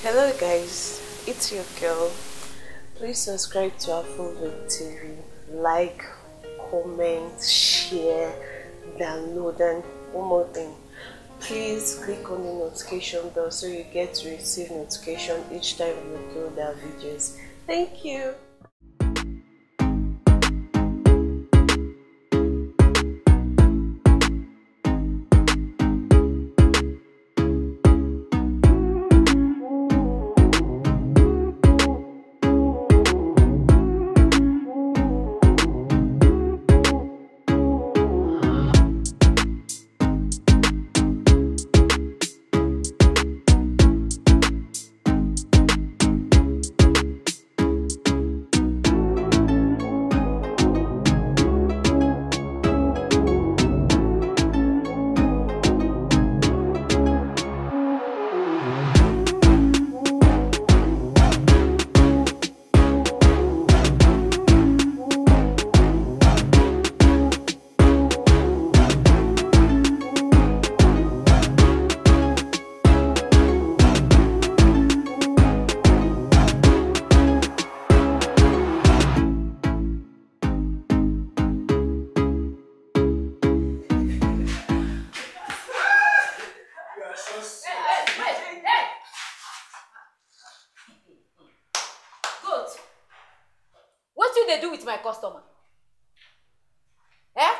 Hello guys, it's your girl. Please subscribe to our full TV. Like, comment, share, download and one more thing. Please click on the notification bell so you get to receive notification each time we upload our videos. Thank you. my customer eh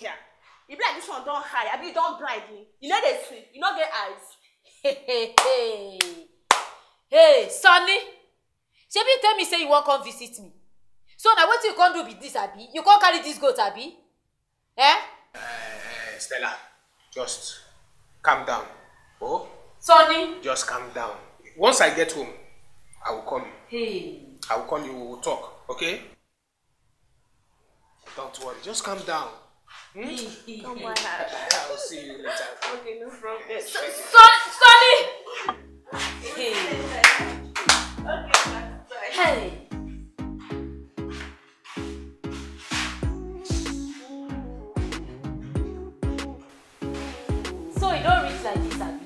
yeah. You be like this one don't high I e don't bribe me You know they sweet. You no get eyes hey hey, hey. Hey, sonny She be tell me say you won't come visit me so now what you come do with this abi you come carry this goat abi eh. Uh, stella just calm down oh. sonny. just calm down once i get home i will call you. Hey. i will call you we will talk okay. Don't worry, just calm down. Hmm? Don't worry. I'll see you later. Okay, no problem. So, son, Sonny! Hey. Okay, Hey. So you don't reach like this, Abby.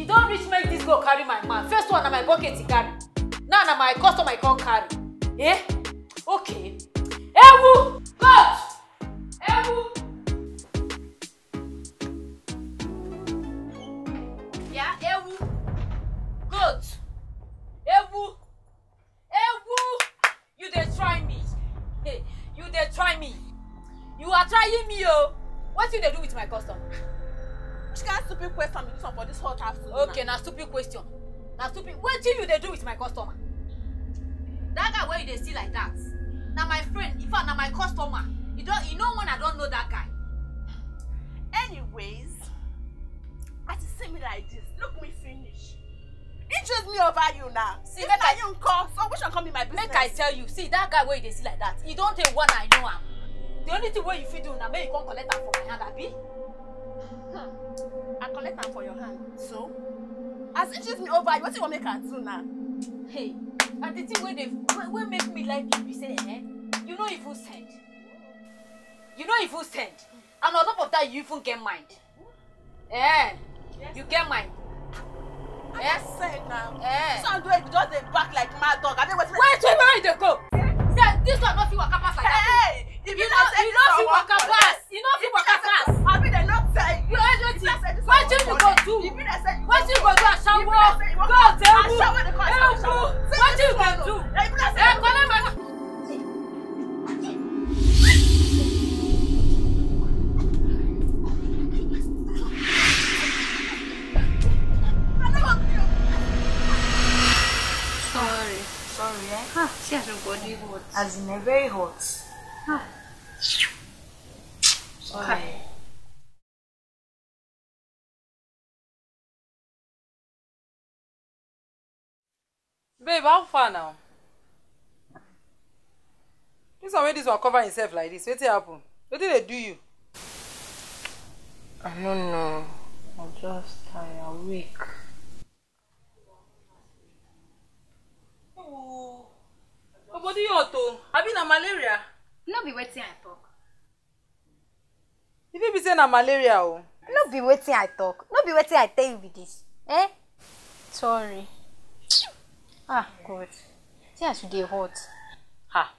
You don't reach make this go carry my man. First one na my bucket he carry. Now na my custom I can't carry. Eh? Okay ewu coach ewu. ya ewu goat ewu ewu you dey try me hey, you dey try me you are trying me oo oh. what you dey do with my custom. which kind stupid question be this one for this hot afternoon. okay na stupid question na stupid wetin you dey do with my customer. that guy wey you dey see like that Now my friend, in fact, now my customer. You don't, you know when I don't know that guy. Anyways, as you see me like this, look me finish. Interest me over you now. See that guy, you call. So which one come me my business? Make I tell you, see that guy where you see like that. You don't take one. I know him. The only thing where you fit do now, make you come collect that for my hand, abi. Hmm. I collect him for your hand. So, as interest me over you, what you want me to do now? Hey, and the thing where they wey wey make me like you be say eh you no even send you no even send and on top of that you even get mind eh yes, you get mind. I eh? send now. Eh. This one do it just dey back like mad dog. I dey wait. Wait wait where you dey go? Yeah, this one not fit waka pass like that. Hey, if you know you no fit waka pass. You no fit waka pass. Abi dey no tell you. You always wetin? Wetin you go do? Wetin you go do asawo? Go tell me. very hot. As in, a very hot. Huh. Okay. Babe, how far now? This one this one cover himself like this, happened? What did they do you? I don't know. I'm just tired, weak. hot o abi na malaria no be wetin i talk e fit be say na malaria o no be wetin i talk no be wetin i tell you be dis eh sorry ah god see as you dey hot ah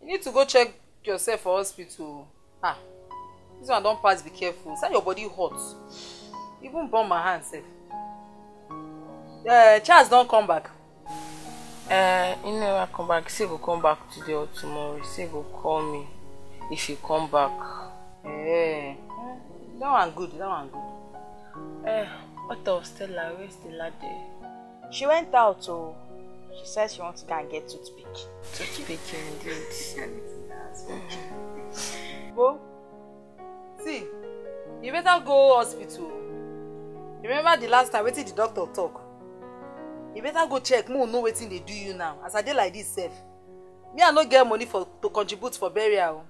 you need to go check yourself for hospital ah this one don pass be careful inside your body hot even burn my hand sef uh, charles don come back Uh, you never come back. say you come back today or tomorrow. say you call me if you come back. Eh, uh, that one good. That one good. Eh, what of Stella? Where's Stella there? She went out. Oh, she says she wants to go and get toothpick. Toothpick indeed. Mm-hmm. Bo, see, you better go hospital. Remember the last time? we did the doctor talk? you better go check make we know wetin dey do you now as i dey like this sef me i no get money for to contribute for burial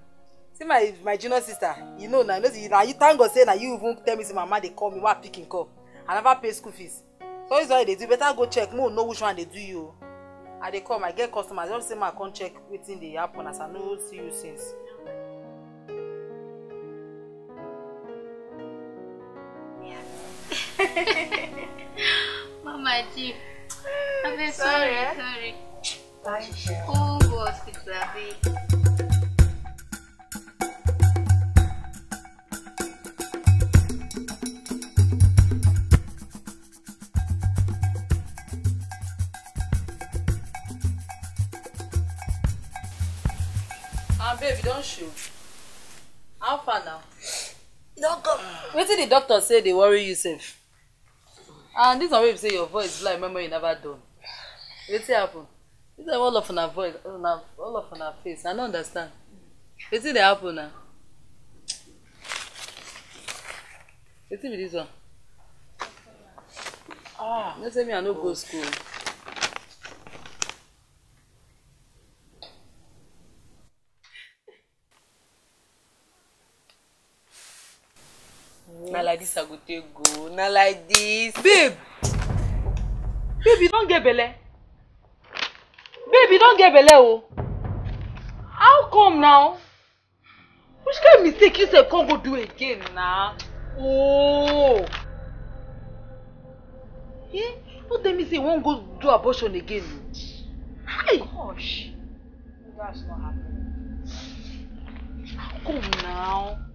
see my my junior sister you know na you know say na you thank god say na you even tell me say mama dey call me wa pikin call i never pay school fees so this one you dey do better go check make we know which one dey do you o i dey come i get customers just say ma come check wetin dey happen as i no see you since. mama jim Sorry. Sorry. Thank you. Oh, God, it's a bit. babe you don how far now Don't come. come wetin the doctor say they worry you safe and ah, this one wey be say your voice like memory you never done wetin happen This one all of una voice all of una face i no understand wetin dey happen na wetin be this one ah no say me i no go school na like this, i go take go na like this, babe babe you don get belle babe you don get belle o oh. how come now which kind mistake you say? come go do again na Oh. eh no tell me say you wan go do abortion again o hi gosh how come now.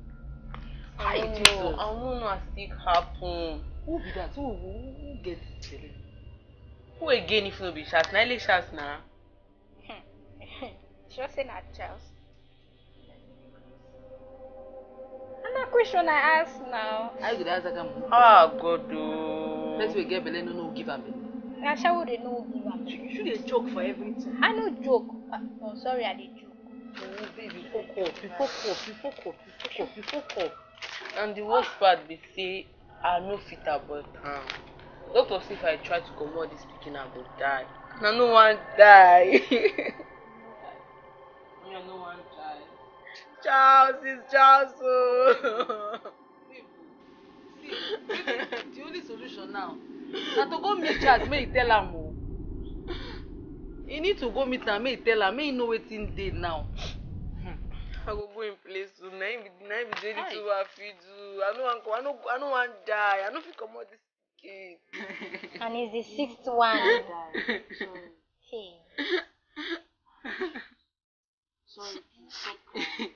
Why you think so? I want to see it happen. Who be that? Who, who, who get this belle? Who again if no be Charles? Na ele Charles na. Sure say na Charles. Na question I ask now. How you go ask that am? Ah God o. Oh. Let's we get belle no no give am belle. Na shawo dey no give am. You should a joke for everything. I no joke. Uh, oh sorry I did joke. Oh baby, focus, focus, focus, focus, focus and the worst part be say i no fit avoid am doctor say if i try to comot dis pikin i go die and i no wan die. no wan die. charles is charles ooo. the only solution now na to go meet charles make he tell am o oh. he need to go meet am make he tell am make he know wetin dey now I go go in place too. Na him be na him be the only thing I fit do. I no wan I no I no wan die. I no fit comot this kid. And he's the sixth one. hey. Sorry, it's okay.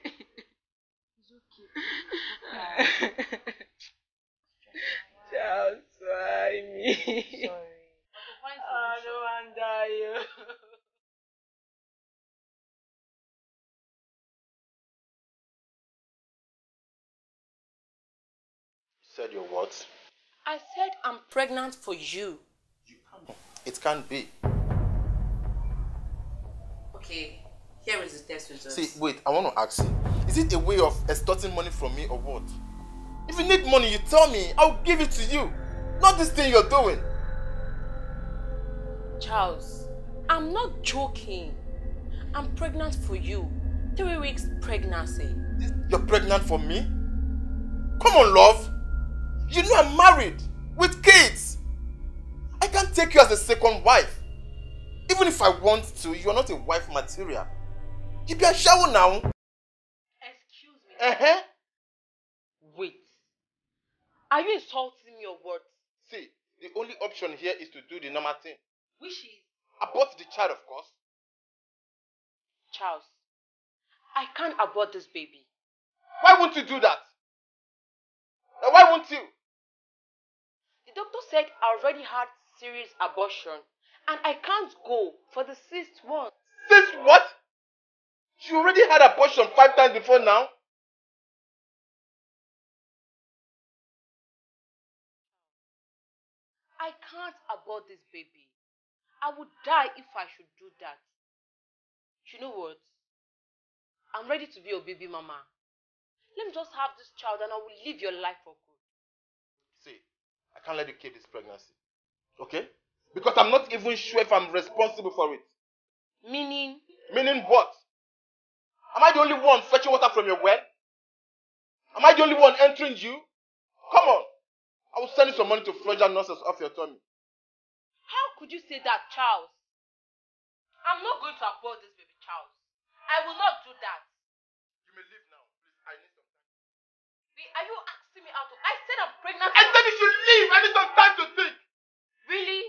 It's okay. Child, sorry me. Sorry. I no wan die. said you're what? I said I'm pregnant for you. You can't. It can't be. Okay, here is the test results. See, wait, I want to ask you. Is it a way of extorting money from me or what? If you need money, you tell me. I'll give it to you. Not this thing you're doing. Charles, I'm not joking. I'm pregnant for you. Three weeks pregnancy. You're pregnant for me? Come on, love. You know I'm married with kids. I can't take you as a second wife. Even if I want to, you're not a wife material. You be a shower now. Excuse me. Uh-huh. Wait. Are you insulting me or what? See, the only option here is to do the normal thing. Which is? Abort the child, of course. Charles, I can't abort this baby. Why won't you do that? Why won't you? doctor said I already had serious abortion and I can't go for the sixth one. Sixth what? She already had abortion five times before now. I can't abort this baby. I would die if I should do that. You know what? I'm ready to be your baby mama. Let me just have this child and I will live your life for can't let you keep this pregnancy. Okay? Because I'm not even sure if I'm responsible for it. Meaning? Meaning what? Am I the only one fetching water from your well? Am I the only one entering you? Come on. I will send you some money to flush that nonsense off your tummy. How could you say that, Charles? I'm not going to abort this baby, Charles. I will not do that. You may leave Wait, are you asking me out? I said I'm pregnant. And then you should leave. I need some time to think. Really?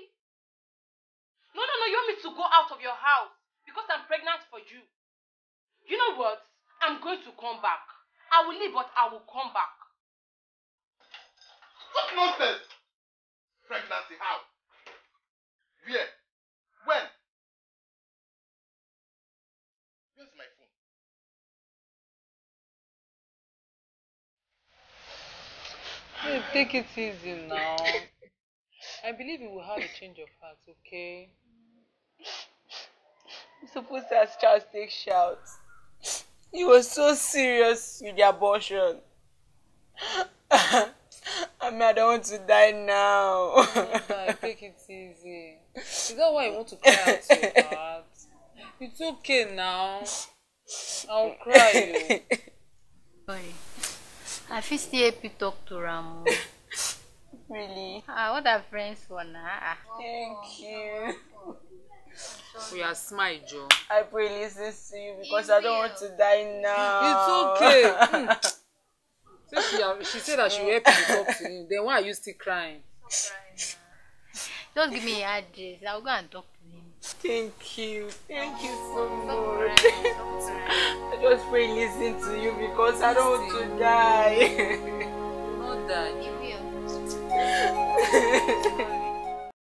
No, no, no. You want me to go out of your house because I'm pregnant for you. You know what? I'm going to come back. I will leave, but I will come back. What nonsense! Pregnancy, how? Where? When? Where's my Take it easy now. I believe you will have a change of heart, okay? I'm supposed to ask Charles take shout. You were so serious with the abortion. I mean, I don't want to die now. no, take it easy. Is that why you want to cry out so hard? It's okay now. I'll cry oh. you. I fit still help talk to am. really? Ah, what are friends for now? Ah. Thank you. We are smile, Joe. I pray listen to you because I don't want to die now. It's okay. mm. Since she, she said that she will help you talk to him, then why are you still crying? Just give me your address. I'll go and talk to him. Thank you. Thank you so much. I just pray listen to you because I don't want to die. Not that